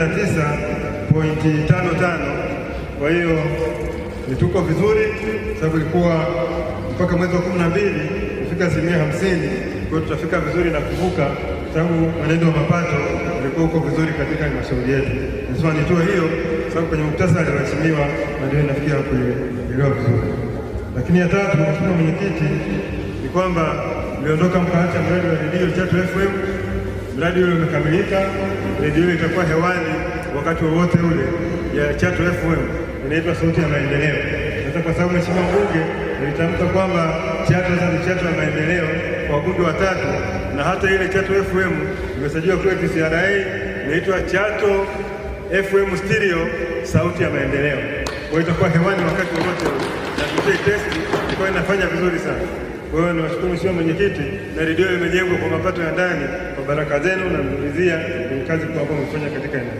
9.55 kwa hiyo nituko vizuri, sababu ilikuwa mpaka mwezi wa 12 kufika asilimia hamsini. Kwa hiyo tutafika vizuri na kuvuka, sababu mwenendo wa mapato ulikuwa uko vizuri katika halmashauri yetu. Nasema nitoe hiyo sababu kwenye muktasari waheshimiwa, na ndio inafikia kuelewa vizuri. Lakini ya tatu, mheshimiwa mwenyekiti, ni kwamba mliondoka mkaacha mradi wa redio Chato FM Mradi ule umekamilika, redio ile itakuwa hewani wakati wowote ule ya Chato FM, inaitwa Sauti ya Maendeleo. Sasa kwa sababu Mheshimiwa Mbunge nilitamka kwamba Chato sasa ni Chato ya Maendeleo kwa wabunge watatu, na hata ile Chato FM imesajiliwa kule TCRA, inaitwa Chato FM Stereo, Sauti ya Maendeleo, kwa itakuwa hewani wakati wowote ule na tutoi testi, kwa inafanya vizuri sana. Kwa hiyo nawashukuru Mheshimiwa Mwenyekiti, na redio imejengwa kwa mapato ya ndani kwa baraka zenu na mnurizia kwenye kazi kubwa ambayo mmefanya katika eneo